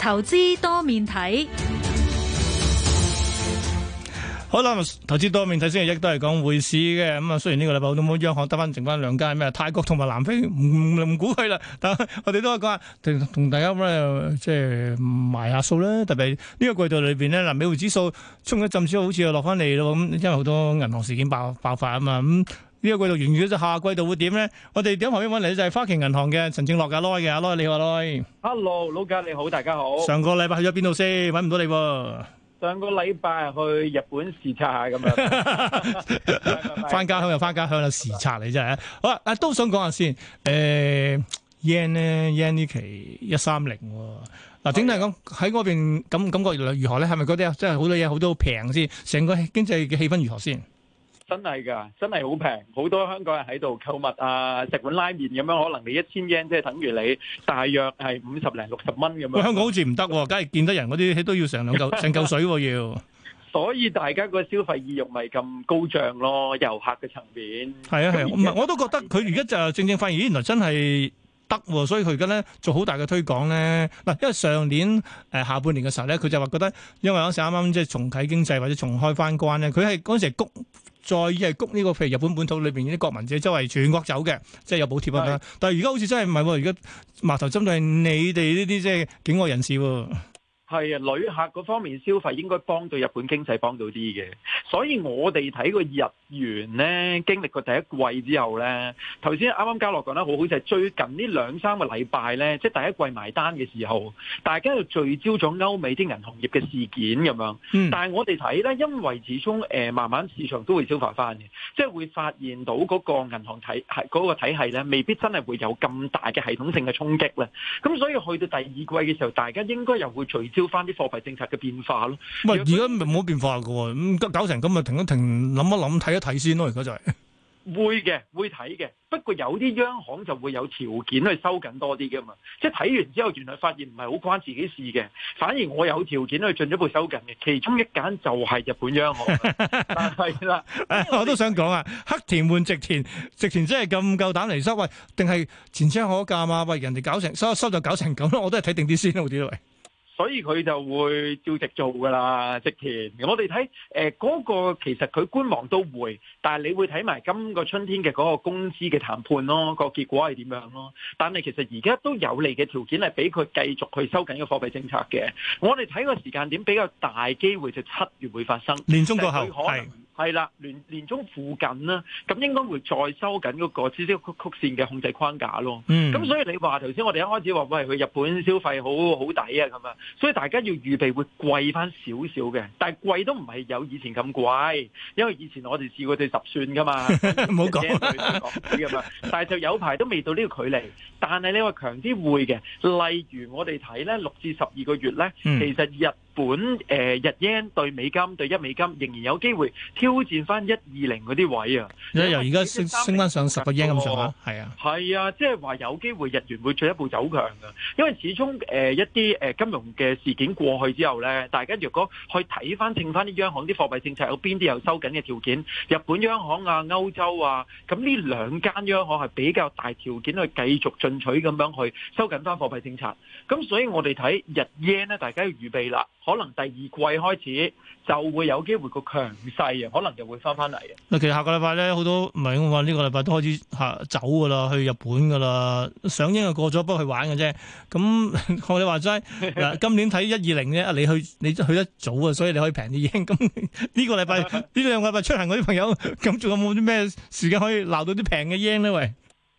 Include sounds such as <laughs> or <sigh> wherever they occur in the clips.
投資多面睇，好啦，投資多面睇，星期一都係講匯市嘅。咁、嗯、啊，雖然呢個禮拜我都冇央行得翻剩翻兩間，咩？泰國同埋南非唔估佢啦。但係我哋都係講下，同大家咧、嗯、即係埋下數啦。特別呢個季度裏邊呢，嗱，美匯指數衝一陣之後好似又落翻嚟咯。咁因為好多銀行事件爆爆發啊嘛。咁、嗯呢個季度完咗，就下季度會點咧？我哋點旁邊揾嚟咧？就係花旗銀行嘅陳正犖嘅 Lo 嘅，Lo 李樂 Lo。Hello，老賈你好，大家好。上個禮拜去咗邊度先？揾唔到你。上個禮拜去日本視察下咁樣，翻家鄉又翻家鄉啦，視察嚟啫。好啊，都想講下先。誒，yen 咧，yen 呢期一三零。嗱，整體嚟講喺嗰邊咁感覺如何咧？係咪覺得真係好多嘢、好多平先？成個經濟嘅氣氛如何先？真係㗎，真係好平，好多香港人喺度購物啊，食碗拉麵咁樣，可能你一千日圓即係等於你大約係五十零六十蚊咁樣。香港好似唔得，梗係見得人嗰啲都要成兩嚿、成嚿水要。所以大家個消費意欲咪咁高漲咯，遊客嘅層面。係啊係啊，唔係我都覺得佢而家就正正發現，咦原來真係得喎，所以佢而家咧做好大嘅推廣咧。嗱，因為上年誒下半年嘅時候咧，佢就話覺得因為嗰陣時啱啱即係重啟經濟或者重開翻關咧，佢係嗰陣時谷。再係谷呢個，譬如日本本土裏邊啲國民者周圍全國走嘅，即係有補貼啊。是但係而家好似真係唔係喎，而家碼頭針對係你哋呢啲即係境外人士。係啊，旅客嗰方面消費應該幫到日本經濟幫到啲嘅。所以我哋睇個日圓咧，經歷過第一季之後咧，頭先啱啱交流講得好好就係最近呢兩三個禮拜咧，即係第一季埋單嘅時候，大家又聚焦咗歐美啲銀行業嘅事件咁樣。但係我哋睇咧，因為始終誒、呃、慢慢市場都會消化翻嘅，即係會發現到嗰個銀行體系嗰、嗰個體系咧，未必真係會有咁大嘅系統性嘅衝擊啦。咁所以去到第二季嘅時候，大家應該又會聚焦翻啲貨幣政策嘅變化咯。唔而家咪冇變化嘅，咁搞成～咁咪停一停，諗一諗，睇一睇先咯。如果就係會嘅，會睇嘅。不過有啲央行就會有條件去收緊多啲嘅嘛。即係睇完之後，原來發現唔係好關自己事嘅，反而我有條件去進一步收緊嘅。其中一間就係日本央行。但係啦，我都想講啊，黑田換直田，直田真係咁夠膽嚟收喂？定係前車可鑑啊？喂，人哋搞成收收就搞成咁咯，我都係睇定啲先好啲咯。所以佢就會照直做㗎啦，直填。我哋睇誒嗰個其實佢觀望都會，但係你會睇埋今個春天嘅嗰個工資嘅談判咯，個結果係點樣咯？但係其實而家都有利嘅條件係俾佢繼續去收緊個貨幣政策嘅。我哋睇個時間點比較大機會就七月會發生，年中過後係。係啦，年年中附近啦，咁應該會再收緊嗰、那個孳息曲，曲線嘅控制框架咯。咁、嗯、所以你話頭先，我哋一開始話喂，去日本消費好好抵啊咁啊，所以大家要預備會貴翻少少嘅，但係貴都唔係有以前咁貴，因為以前我哋試過對十算噶嘛。唔好講對十，但係就有排都未到呢個距離。但係你話強啲會嘅，例如我哋睇咧六至十二個月咧，嗯、其實日本誒日元對美金對一美金仍然有機會挑戰翻一二零嗰啲位啊！即係由而家升升翻上十個 yen 咁上下，係啊，係啊，即係話有機會日元會進一步走強嘅，因為始終誒一啲誒金融嘅事件過去之後咧，大家如果去睇翻、聽翻啲央行啲貨幣政策有邊啲有收緊嘅條件，日本央行啊、歐洲啊，咁呢兩間央行係比較大條件去繼續進取咁樣去收緊翻貨幣政策。咁所以我哋睇日元咧，大家要預備啦。可能第二季開始就會有機會個強勢啊，可能就會翻翻嚟啊。嗱，其實下個禮拜咧好多，唔係，我話呢個禮拜都開始嚇走㗎喇，去日本㗎喇，賞櫻啊過咗不去玩嘅啫。咁我哋話齋嗱，今年睇一二零啫，你去你去得早啊，所以你可以平啲櫻。咁呢個禮拜呢兩個禮拜出行嗰啲朋友，咁仲有冇啲咩時間可以鬧到啲平嘅櫻咧？喂！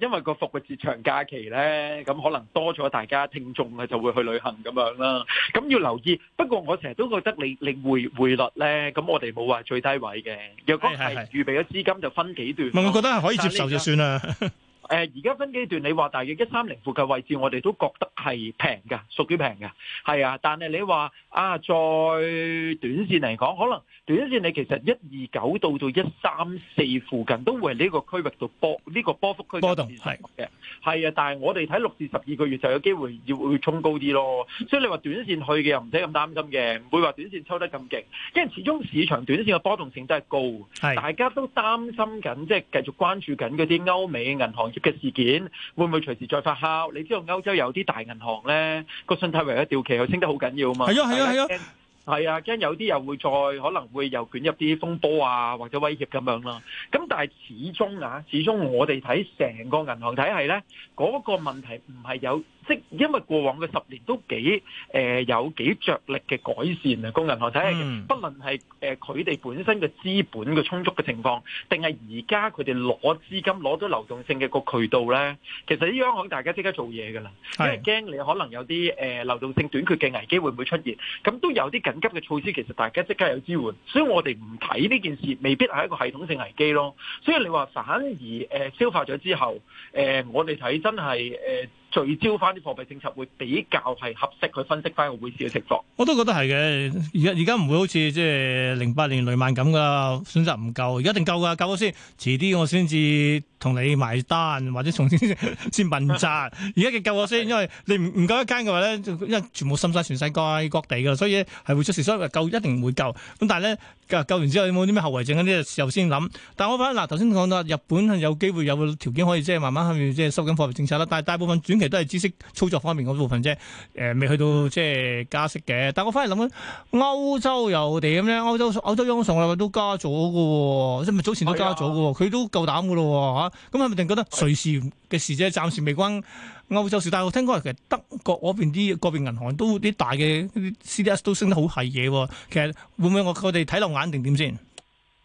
因為個復活節長假期咧，咁可能多咗大家聽眾啊，就會去旅行咁樣啦。咁要留意。不過我成日都覺得你你匯匯率咧，咁我哋冇話最低位嘅。若果係預備咗資金，就分幾段。唔係，我覺得係可以接受就算啦。誒，而家分幾段，你話大約一三零附近位置，我哋都覺得係平㗎，屬於平㗎。係啊，但係你話啊，再短線嚟講，可能。短線你其實一二九到到一三四附近都會喺呢個區域度波，呢個波幅區間嘅。係嘅，係啊！但係我哋睇六至十二個月就有機會要會衝高啲咯。所以你話短線去嘅又唔使咁擔心嘅，唔會話短線抽得咁勁，因為始終市場短線嘅波動性都係高，是大家都擔心緊，即係繼續關注緊嗰啲歐美銀行業嘅事件會唔會隨時再發酵？你知道歐洲有啲大銀行呢，個信貸為咗調期佢升得好緊要嘛？係咯，係咯，係咯。係啊，驚有啲又會再可能會又捲入啲風波啊，或者威脅咁樣咯、啊。咁但係始終啊，始終我哋睇成個銀行體系咧，嗰、嗰個問題唔係有。即因為過往嘅十年都幾誒、呃、有幾着力嘅改善啊，工人學者，不論係誒佢哋本身嘅資本嘅充足嘅情況，定係而家佢哋攞資金攞到流動性嘅個渠道咧，其實啲央行，行大家即刻做嘢㗎啦，因為驚你可能有啲誒、呃、流動性短缺嘅危機會唔會出現，咁都有啲緊急嘅措施，其實大家即刻有支援，所以我哋唔睇呢件事未必係一個系統性危機咯。所以你話反而誒、呃、消化咗之後，誒、呃、我哋睇真係誒。呃聚焦翻啲貨幣政策會比較係合適去分析翻個匯市嘅情況。我都覺得係嘅，而而家唔會好似即係零八年雷曼咁㗎，選擇唔夠，而家一定夠㗎，夠咗先，遲啲我先至。同你埋單或者從先 <laughs> 先問責，而家嘅救我先，因為你唔唔夠一間嘅話咧，因為全部滲晒全世界各地㗎，所以係會出事。所以救一定唔會救。咁但係咧救完之後有冇啲咩後遺症呢啲事先諗。但係我翻嗱頭先講到日本係有機會有條件可以即係慢慢喺面即係收緊貨幣政策啦。但係大部分短期都係知識操作方面嗰部分啫。誒，未去到即係加息嘅。但我翻嚟諗緊歐洲又點咧？歐洲歐洲央行都加咗嘅喎，即係咪早前都加咗嘅喎？佢、哎、呀 都夠膽嘅咯嚇。啊咁係咪定覺得瑞士嘅事啫？暫時未關歐洲事，大係我聽講話其實德國嗰邊啲個別銀行都啲大嘅啲 CDS 都升得好係嘢。其實會唔會我我哋睇落眼定點先？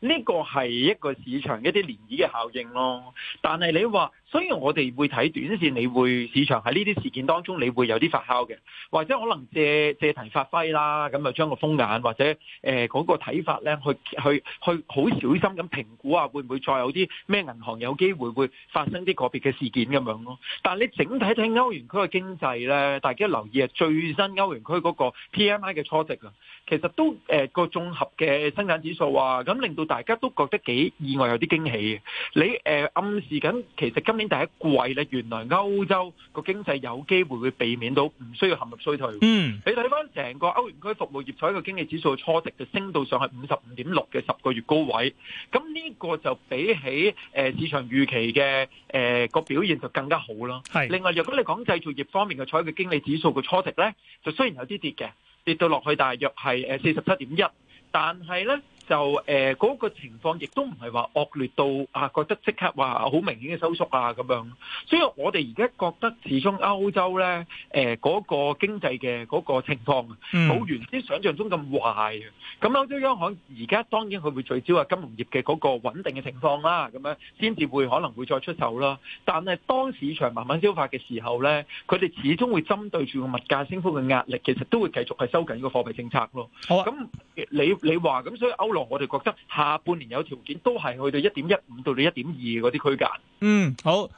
呢個係一個市場一啲漣漪嘅效應咯。但係你話，雖然我哋會睇短線，你會市場喺呢啲事件當中，你會有啲發酵嘅，或者可能借借題發揮啦，咁就將個風眼或者誒嗰、呃那個睇法咧，去去去好小心咁評估啊，會唔會再有啲咩銀行有機會會發生啲個別嘅事件咁樣咯？但係你整體睇歐元區嘅經濟咧，大家留意啊，最新歐元區嗰個 P M I 嘅初值啊，其實都誒個、呃、綜合嘅生產指數啊，咁令到。大家都覺得幾意外，有啲驚喜嘅。你誒暗示緊，其實今年第一季咧，原來歐洲個經濟有機會會避免到唔需要陷入衰退。嗯，你睇翻成個歐元區服務業採嘅經理指數嘅初值就升到上去五十五點六嘅十個月高位。咁呢個就比起誒市場預期嘅誒個表現就更加好咯。係。另外，如果你講製造業方面嘅採嘅經理指數嘅初值咧，就雖然有啲跌嘅，跌到落去大約係誒四十七點一，但係咧。就誒嗰、呃那個情況，亦都唔係話惡劣到啊，覺得即刻話好明顯嘅收縮啊咁樣。所以我哋而家覺得，始終歐洲咧誒嗰個經濟嘅嗰個情況冇原先想象中咁壞。咁歐洲央行而家當然佢會聚焦啊金融業嘅嗰個穩定嘅情況啦，咁樣先至會可能會再出手啦。但係當市場慢慢消化嘅時候咧，佢哋始終會針對住個物價升幅嘅壓力，其實都會繼續係收緊呢個貨幣政策咯。咁好啊。你你話咁，所以歐羅我哋覺得下半年有條件都係去到一點一五到到一點二嗰啲區間。嗯，好。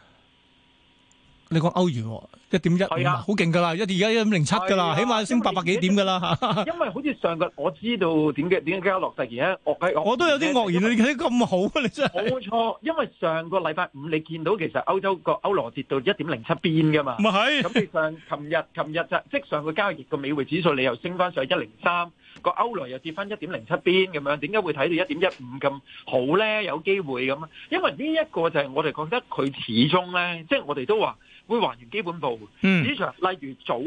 你講歐元喎。一點一，係啊，好勁噶啦，一而家一點零七噶啦，起碼升八百幾點噶啦。因為好似上個我知道點解點解交落實而家，我我都有啲愕然啊！你睇咁好啊，你真係。冇錯，因為上個禮拜五你見到其實歐洲個歐羅跌到一點零七邊噶嘛。咪係？咁你上琴日，琴日即上個交易個美匯指數你又升翻上一零三，個歐羅又跌翻一點零七邊咁樣，點解會睇到一點一五咁好咧？有機會咁啊？因為呢一個就係我哋覺得佢始終咧，即係我哋都話。會還原基本步，市場例如早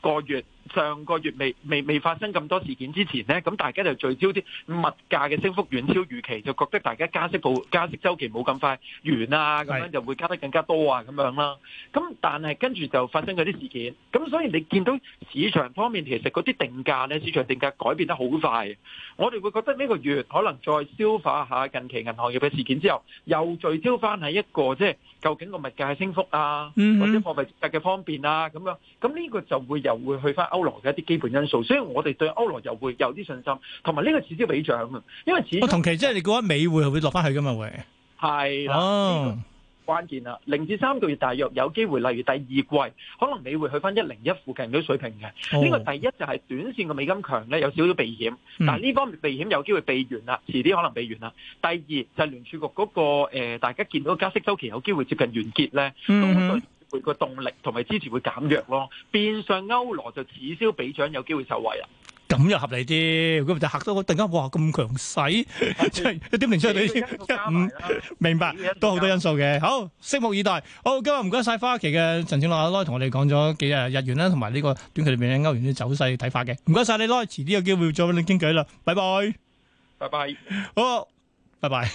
個月。上個月未未未發生咁多事件之前呢，咁大家就聚焦啲物價嘅升幅遠超預期，就覺得大家加息步加息週期冇咁快完啊，咁樣就會加得更加多啊，咁樣啦。咁但係跟住就發生嗰啲事件，咁所以你見到市場方面其實嗰啲定價呢，市場定價改變得好快。我哋會覺得呢個月可能再消化下近期銀行業嘅事件之後，又聚焦翻喺一個即係究竟個物價係升幅啊，或者貨幣政策嘅方便啊咁樣。咁呢個就會又會去翻。歐羅嘅一啲基本因素，所以我哋對歐羅又會有啲信心，同埋呢個市招尾漲啊，因為市同期即係你覺得美匯係會落翻去嘅嘛會。係啦的，哦、關鍵啦，零至三個月大約有機會，例如第二季可能美匯去翻一零一附近嗰水平嘅。呢、哦、個第一就係短線嘅美金強咧有少少避險，但係呢方面避險有機會避完啦，遲啲可能避完啦。第二就係聯儲局嗰、那個、呃、大家見到加息週期有機會接近完結咧。嗯嗯個動力同埋支持會減弱咯，變相歐羅就此消彼長有機會受惠啦，咁又合理啲，如果唔係就嚇到我，突然間哇咁強勢，一啲唔出嚟都唔明白，都好多因素嘅，好拭目以待。好，今日唔該晒花旗嘅陳正犖阿 Lo，同我哋講咗幾日日元啦，同埋呢個短期裏面歐元嘅走勢睇法嘅，唔該晒你 Lo，遲啲有機會再畀你傾偈啦，拜拜，拜拜，好，拜拜。